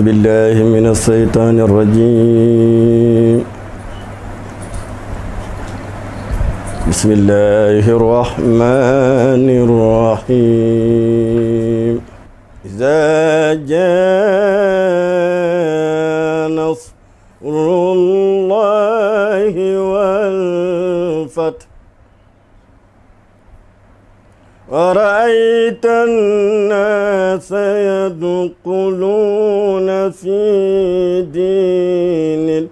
أعوذ بالله من الشيطان الرجيم بسم الله الرحمن الرحيم إذا جاء نصر الله والفتح ورأى رأيت الناس يدخلون في دين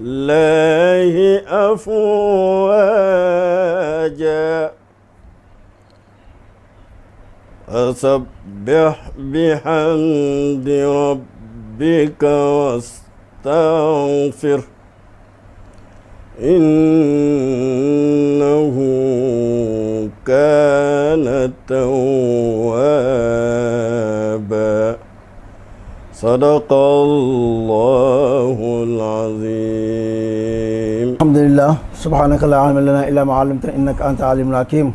الله أفواجا فسبح بحمد ربك واستغفر إنه كان توابا صدق الله العظيم الحمد لله سبحانك لا علم لنا الا ما علمتنا انك انت العليم الحكيم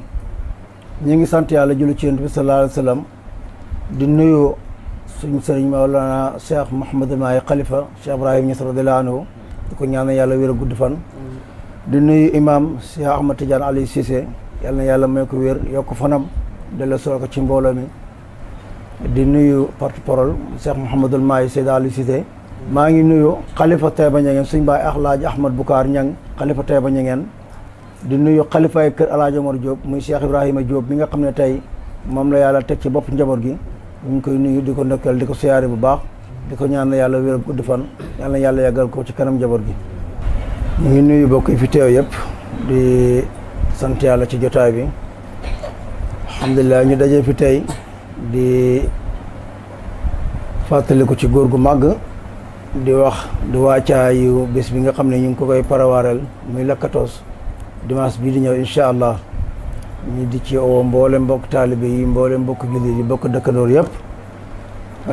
نيغي سانت يالا جولي تي نبي صلى الله عليه وسلم دي نيو سيغ سيغ مولانا شيخ محمد ماي خليفه شيخ ابراهيم نصر رضي الله عنه ديكو نيان يالا وير غود فان دي نيو امام شيخ احمد تجان علي سيسي yalla yalla yàlla may ko wér yok fanam delloo soo ko ci mbolo mi di nuyu porte parole Cheikh mohammedul may Seyda Ali cité ma ngi nuyu khalifa tayba ñangen seigne bay Alaaji Ahmad bukar ñang khalifa tayba ñangen di nuyu ay keur Alaaji Omar job muy Cheikh Ibrahima job mi nga xamne tay mom la yalla tek ci bop njabor gi ñu koy nuyu diko ko diko siyaré bu baax di ñaan yàlla wér gudd fan yal yalla yàlla ko ci kanam njabor gi ñu nuyu bokk fi teew di sant yàlla ci jotaay bi alhamdulilah ñu dajee fi tey di fàttaliku ci góor gu màgg di wax di waacaayu bés bi nga xam ne ñu ngi ko koy parawaaral muy lakkatoos dimanche bii di ñëw incha allah ñu di ci oo mboole mbokk taalibe yi mboole mbokk jullit yi mbokk dëkkandoor yëpp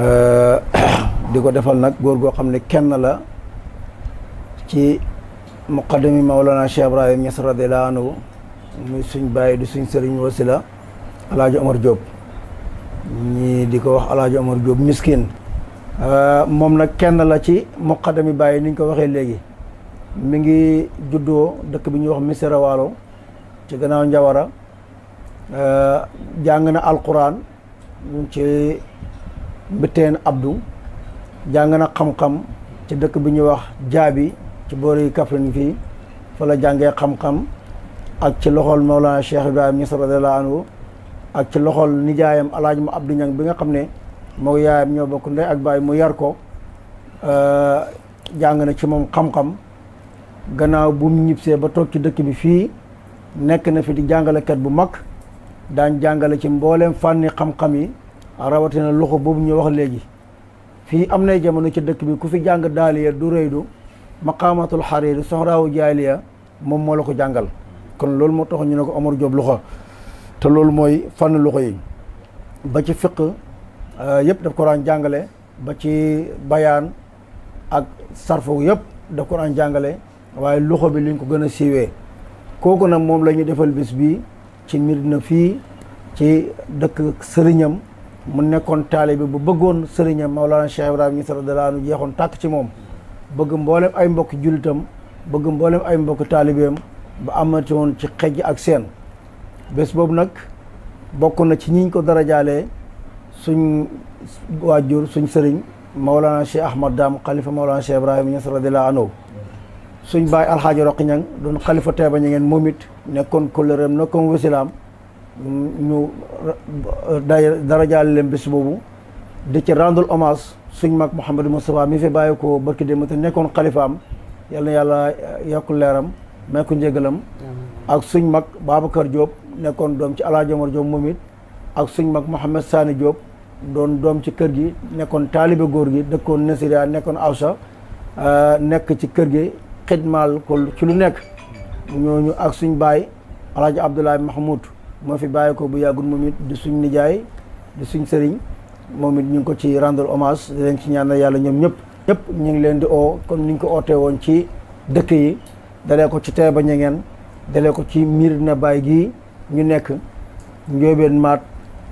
di ko defal nag góor goo xam ne kenn la ci muqaddami Mawlana Cheikh Ibrahim Niass radiyallahu anhu muy suñ bàyyi di suñ sëriñ wasila alaaji Omar jóob ñii di ko wax alaaji Omar Diop miskin ah, moom nag kenn la ci muqaddami bàyyi ni ñu ko waxee léegi mi ngi juddoo dëkk bi ñuy wax Missirah Waalo ci gannaaw Njawara ah, jàng na alquran ci Mbitteen Abdou jàng na xam-xam ci dëkk bi ñuy wax Jaabi ci boori Kaffrine fii fa la jàngee xam-xam ak ci loxol Maulana Cheikh Ibrahima Niass radiyallahu anhu ak ci loxol nijaayam alaaj mu Abdou Niang bi nga xam ne moo yaayam ñoo bokk ndey ak baay mu yar ko euh, jàng na ci moom xam-xam gannaaw bu mu ñibsee ba toog ci dëkk bi fii nekk na fi di jàngalekat bu mag daan jàngale ci mbooleem fànni xam-xam yi rawatina loxo boobu ñu wax léegi fii am nay jamono ci dëkk bi ku fi jàng daaliya du rëy du rëydu maqaamatul xariiri soxraawu jaaliya moom moo la ko jàngal kon loolu moo tax ñu ne ko Omar Diop luxa te loolu mooy fànn luxa yi ba ci fiq euh, yëpp daf ko daan jàngale ba ci bayaan ak sarfo yëpp daf ko daan jàngale waaye luxa bi liñ ko gën a siiwee kooku nag moom la ñu defal bis bi ci Medina fii ci dëkk sëriñam mu nekkoon taalibe bu bëggoon sëriñam Mawlana Cheikh Ibrahima Niass radiyallaahu anhu jeexoon tàkk ci moom bëgg mboolem ay mbokk jullitam bëgg mboolem ay mbokk taalibeem ba amati woon ci xej ak seen bés boobu nag bokk na ci ñiñ ko darajaalee suñ waajur suñ sëriñ Maolana Cheikh Ahmad Dam xalifa Maolana Cheikh Ibrahima Niass radiyallahu suñ baay alxaaji roqi ñang doon xalifa teeba ña ngeen moom it nekkoon kollëreem ñu darajaale leen bés boobu di ci rendul hommage suñ mag Mouhamadou Moustapha mi fi bàyyi barki démb te nekkoon xalifaam yàlla na yàlla leeram may ko njëgalam ak suñ mag Babacar Diop nekkoon doom ci Alaaji Omar Diop moom ak suñ mag Mouhamed Sani Diop doon doom ci kër gi nekkoon taalibe góor gi dëkkoon Nasira nekkoon Awsa euh, nekk ci kër gi xidmaal ko ci lu nekk ñooñu ak suñ baay Alaaji Abdoulaye Mahmoud moo fi bàyyi ko bu yàggul moom it di suñ nijaay di suñ sëriñ moom ñu ngi ko ci rendre hommage di leen ci ñaanal yàlla ñoom ñëpp ñëpp ñu ngi leen di oo comme ni ñu ko ootee woon ci dëkk yi dalee ko ci Taïba Niangène dalee ko ci na baay gi ñu nekk Ndiobène Maat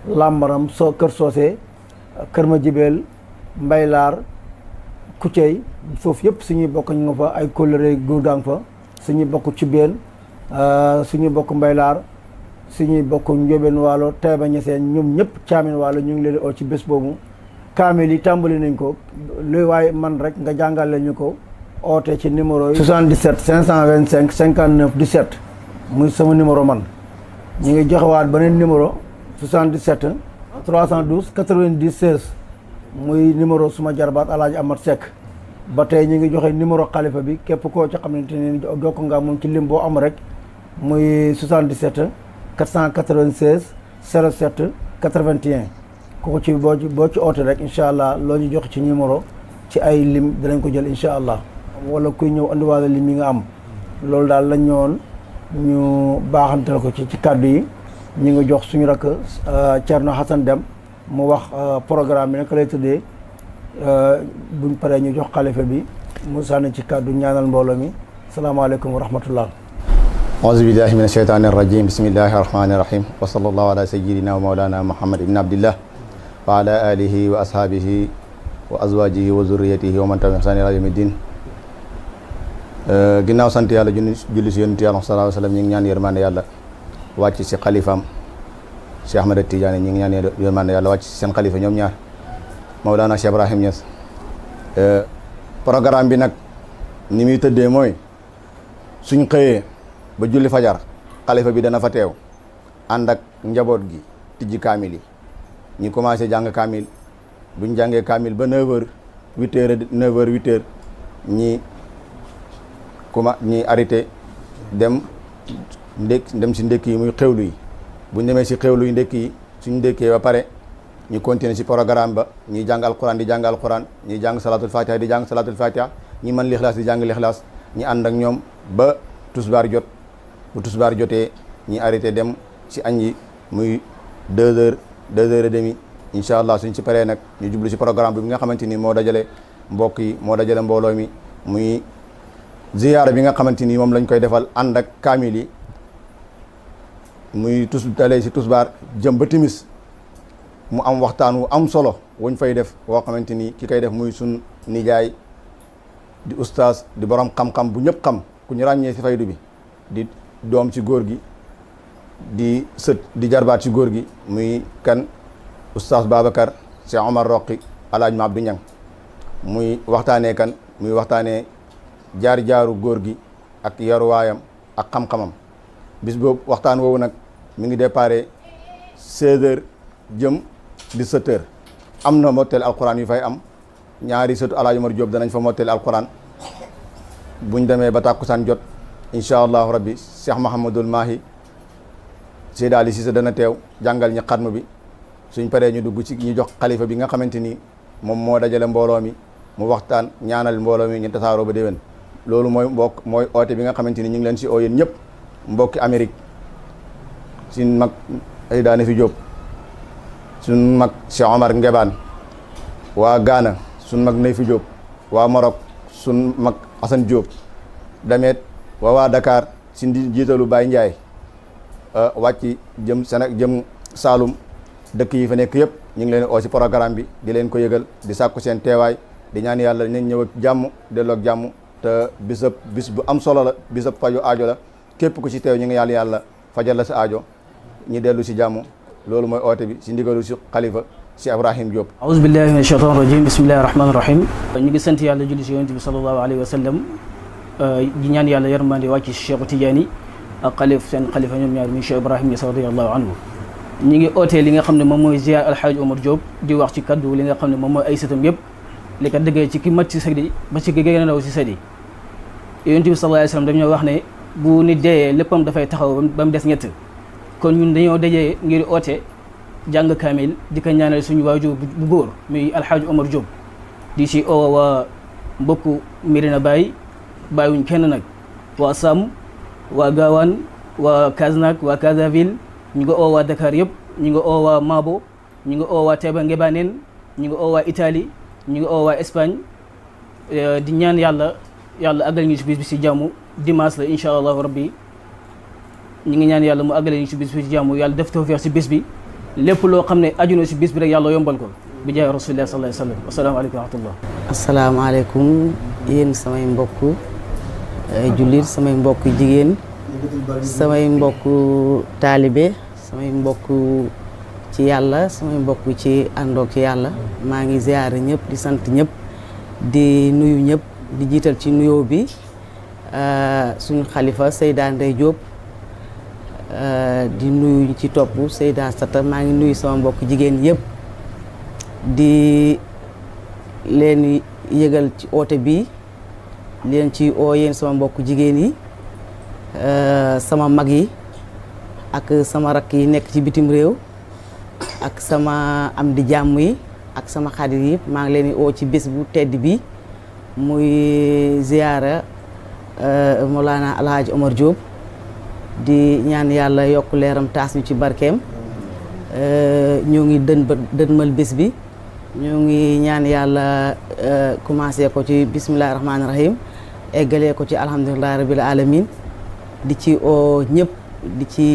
Lambaram so Kër Socé Kër ma Madiabel Mbaylaar Kucey foofu yëpp suñuy bokk ñu fa ay kóllëre góor gaa ngi fa suñuy bokk ci benn euh, suñuy bokk Mbaylaar suñuy bokk Ndiobène Waalo Taïba Niassène ñoom ñëpp caamin waalo ñu ngi leen oo ci bés boobu kaamil yi tàmbali nañ ko luy waaye man rek nga jàngale ñu ko oote ci numéro yi. 77 525 59 17 muy sama numéro man ñu ngi joxewaat beneen numéro 77 312 90 16 muy numéro suma jarbaat Alaaji Amat Seck ba tey ñu ngi joxe numéro xalifa bi képp koo ci xamante ne jokk nga moom ci lim boo am rek muy 77 496 07 81 kooku ci boo ci boo ci oote rek incha allah loo ñu joxe ci numéro ci ay lim danañ ko jël incha allah. wala kuy ñëw andiwaale li mi nga am loolu daal la ñëwoon ñu baaxantal ko ci ci kàddu yi ñu ngi jox suñu rakk euh, Thierno Hassan Dem mu wax euh, programme bi naka lay tëddee euh, buñ paree ñu jox xalifa bi mu sànni ci kàddu ñaanal mbooloo mi salaamaaleykum wa rahmatullah auzu billahi min asheytaani irrajim bismillahi arrahmani irrahim wa sallallahu ala sayidina wa maulana muhammad ibn abdillah wa ala alihi wa ashaabihi wa azwajihi wa zurriyatihi wa man tabi'ahum bi ihsaanin ila Eh, ginnaaw sant yalla julis si yonent sallallahu alaihi wasallam ñu ngi ñaan yermane yalla wacc ci khalifam Cheikh Ahmed Tidiane ñu ngi ñaan yermane yalla wacc ci sen khalifa ñom ñaar maulana Cheikh Ibrahim euh programme bi nak ni mi tëddee moy suñ xëyee ba julli fajar khalifa bi dana fa tew andak njabot gi tidji kaamil ñi commencé jang kamil buñ jangé kamil ba 9h 8h 9h 8h ñi kuma ñuy arrêté dem ndékk dem si ndékk yi muy xewlu yi buñ demee si xewlu yi ndékk yi suñ ndékkee ba pare ñu continuer si programme ba ñuy jàng alquran di jàng alquran ñuy jàng salatul fatiha di jàng salatul fatiha ñi man mën lixlaas di jàng lixlaas ñi ànd ak ñoom ba tusbaar jot bu tusbaar jotee ñi arrêté dem si añ muy deux heures deux heures demi incha allah suñ si paree nag ñu jublu si programme bi nga xamante ni moo dajale mbokk yi moo dajale mbooloo mi muy ziyaara bi nga xamante ni moom lañ koy defal ànd ak kaamil yi muy tus dalee si tusbaar jëm ba timis mu am waxtaan wu am solo wuñ fay def woo xamante ni ki kay def muy sun nijaay di ustaas di borom xam-xam bu ñëpp xam ku ñu ràññee si faydu bi di doom ci góor gi di sët di jarbaat ci góor gi muy kan ustaas Babacar Cheikh Omar Roqi alaaj ma Abdou Ñang muy waxtaanee kan muy waxtaanee jaar-jaaru góor gi ak wayam ak xam-xamam bis bob waxtaan wowo nak mi ngi déparé 16 h jëm 17 h am motel alquran yu fay am ñaari sëtu Alaaji Umar job danañ fa motel alquran buñ démé ba takusan jot inshallah rabbi Cheikh mohammedul Mahi Seydi Ali Cissé dana tew jangal ñi xatmu bi suñ paré ñu dugg ci ñu jox khalifa bi nga xamanteni mom mo moo dajale mbooloo mi mu waxtaan ñaanal mbolo mi ñu tassaro ba loolu mooy mbokk mooy oote bi nga xamante ni ñu ngi leen si oo yéen ñëpp mbokki Amérique sin mag ay daane fi Jóob suñ mag Cheikh Omar Ngebaan waa Ghana suñ mag nay fi Jóob waa Maroc suñ mag Assane Jóob dameet waa waa Dakar suñ di jiitalu Baye Ndiaye euh, wàcc jëm Sénégal jëm Saalum dëkk yi fa nekk yëpp ñu ngi leen oo si programme bi di leen ko yëgal di sàkku seen teewaay di ñaan yàlla nañ ñëw ak jàmm delloo jàmm te bisab bis bu am solo la bisab faju aajo la képp ku ci teew ñu ngi yàlla yàlla fajal la sa aajo ñu dellu si jàmm loolu mooy ote bi si ndigalu si xalifa si Ibrahim Diop aouzu billahi min ashaytan rajim bismillahi rahmani rahim ñu ngi sant yàlla julli si yonent bi salallahu alayhi wa sallam di ñaan yàlla yarmande wàcc si Cheikh Tidiane ak xalif seen xalifa ñoom ñaar mi Cheikh Ibrahim Niass radiallahu anhu ñu ngi ote li nga xam ne moom mooy ziar alxaaji Omar Diop di wax ci kaddu li nga xam ne moom mooy ay sëtam yëpp li ko déggee ci ki mat ci sët yi ba ci ki gën ci sët yi yonent bi dañoo wax ne bu nit deeyee léppam dafay taxaw ba mu des ñett kon ñun dañoo dajee ngir oote jàng kaamil di ko ñaanal suñu waajur bu góor muy alxaaji Omar di ci oo waa mbokku Medina Baye bàyyiwuñ kenn nag waa Sam waa Gaawaan waa Kasnack waa Casaville ñu nga oo Dakar yëpp ñu nga oo waa Mabo ñu nga oo waa Ngebaneen ñu nga oo waa ñu ngi oo waa Espagne euh, di ñaan yàlla yàlla àggal ñu ci bis bi ci jàmm dimanche la incha allahu rabbi ñu ngi ñaan yàlla mu àggale ñu ci bis bi ci jàmm yàlla def tawfeex ci bis bi lépp loo xam ne aju na ci bis bi rek yàlla yombal ko bi jaay rasulillah sallallahu alayhi wa sallam asalaamaaleykum wa rahmatullah asalaamaaleykum yéen samay mbokk jullit samay mbokk jigéen samay mbokk taalibe samay mbokk ci yàlla samay mbokk ci àndoog yàlla maa ngi ziare ñëpp di sant ñëpp di nuyu ñëpp di jiital ci nuyo bi euh, suñu xalifa Seyda Ndey euh, di nuyu ci topp seydaa Sata maa ngi nuyu sama mbokk jigéen yëpp di leen yëgal ci oote bi leen ci oo sama mbokk jigéen yi euh, sama mag yi ak sama rakk yi nekk ci bitim réew ak sama am di jàmm yi ak sama xarit yi maa ngi leen di oo ci bés bu tedd bi muy ziyaara euh, Mawlana Alhaji Omar Diop di ñaan yàlla yokk leeram taas ñu ci barkeem euh, ñoo ngi dën ba dënmal bés bi ñoo ngi ñaan yàlla euh, commencé ko ci bismillahi rahmaani rahim eggalee ko ci alhamdulilahi rabil alamin di ci oo ñëpp di ci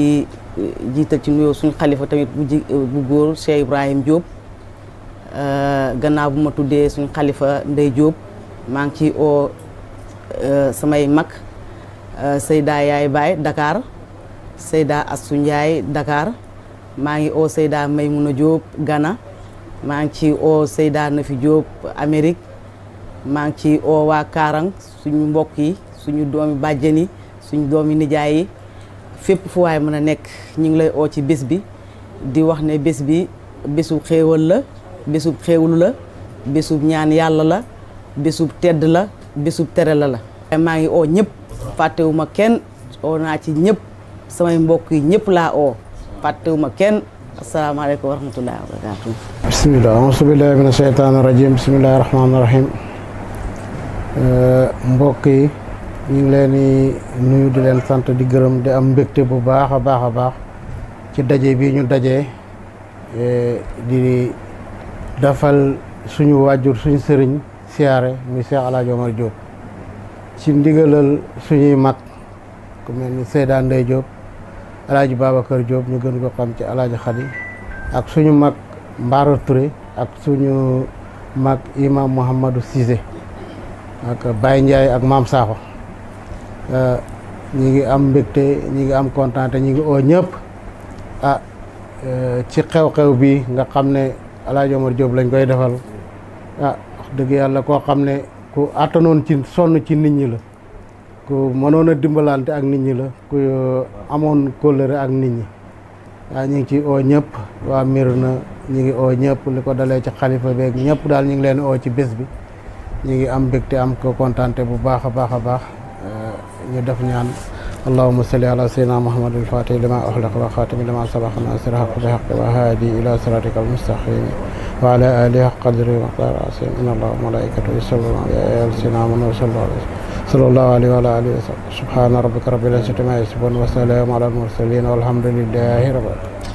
eh, jiital ci nuyoo suñ xalifa tamit bu ji eh, bu góor Cheikh Ibrahim Diop eh, gannaaw bu ma tuddee suñ xalifa Ndey Diop maa ngi ci oo samay mag Seyda Yaay Baay Dakar Seyda Astou Ndiaye Dakar maa ngi oo Seyda na Diop Ghana maa ngi ci oo Seyda Nafi Diop Amérique maa ngi ci oo waa Kaarang suñu mbokk yi suñu doomi bàjjen yi suñu doomi nijaay fépp fu waay mën a nekk ñu ngi lay oo ci bés bi di wax ne bés bi bésu xéewal la bésu xéewlu la bésu ñaan yàlla la bésu tedd la bésu tere la la. maa ngi oo ñëpp fàttewuma kenn oo naa ci ñëpp samay mbokk yi ñëpp laa oo fàttewuma kenn asalaamaaleykum wa rahmatullahi wa barakaatu. bisimilah mbokk yi. ñu ngi leen di nuyu di leen sant di gërëm di am mbégte bu baax a baax a baax ci daje bi ñu daje eh, di dafal suñu waajur suñu sëriñ siyaare mu Seex Alaaji Omar Diop ci ndigalal suñuy mag ku mel ni Seyda Ndey Diop Alaaji jóob ñu gën ko xam ci Alaaji Xadi ak suñu mag Mbaara Touré ak suñu mag Imam Mouhamadou sise ak Baye Ndiaye ak Maam Sakho ñi ngi am mbekté ñi ngi am contenté ñi ngi o ñëpp ah eh, ci xew-xew bi nga xamné ne Alaaji job lañ koy defal ah wax deug yalla ko xamné ne ku atanon ci sonu ci nit ñi la ku mënon a dimbalante ak nit ñi la ku eh, amoon kóllëre ak nit ñi ah ñi ngi ci o ñëpp wa Mirna ñi ngi o ñëpp liko dalé dalee ci xalifa beeg ñëpp dal ñi ngi leen o ci bës bi ñi ngi am mbekté am ko contenté bu baaxa baaxa baax ñu def ñaan اللهم صل على سيدنا محمد الفاتح لما أخلق وخاتم لما سبق ناصر حق بحق وهادي إلى صراطك المستقيم وعلى آله قدر ومقدار عظيم إن الله وملائكته يصلون على سيدنا محمد صلى الله عليه صلى الله عليه وعلى آله وسلم سبحان ربك رب العزة عما يصفون وسلام على المرسلين والحمد لله رب العالمين